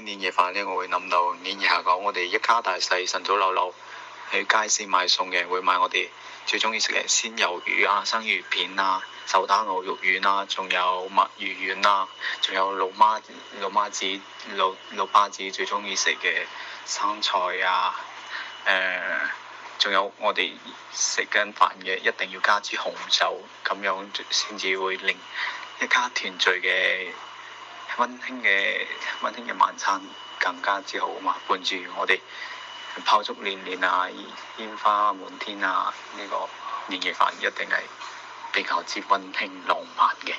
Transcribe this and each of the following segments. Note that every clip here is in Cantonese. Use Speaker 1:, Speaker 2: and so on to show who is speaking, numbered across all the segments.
Speaker 1: 今年夜飯呢，我會諗到年廿九，我哋一家大細晨早流流，去街市買餸嘅，會買我哋最中意食嘅鮮魷魚啊、生魚片啊、手打牛肉，肉丸啊，仲有墨魚丸啊，仲有老媽老媽子老老爸子最中意食嘅生菜啊，誒、呃，仲有我哋食緊飯嘅一定要加支紅酒，咁樣先至會令一家團聚嘅。温馨嘅温馨嘅晚餐更加之好啊嘛，伴住我哋炮竹連連啊，煙花滿天啊，呢個年夜飯一定係比較之温馨浪漫嘅。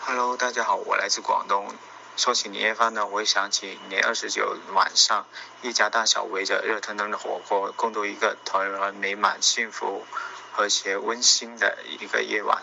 Speaker 1: Hello，大家好，我來自廣東。說起年夜飯呢，我會想起年二十九晚上，一家大小圍着熱騰騰嘅火鍋，共度一個團圓、美滿、幸福、和諧、温馨嘅一個夜晚。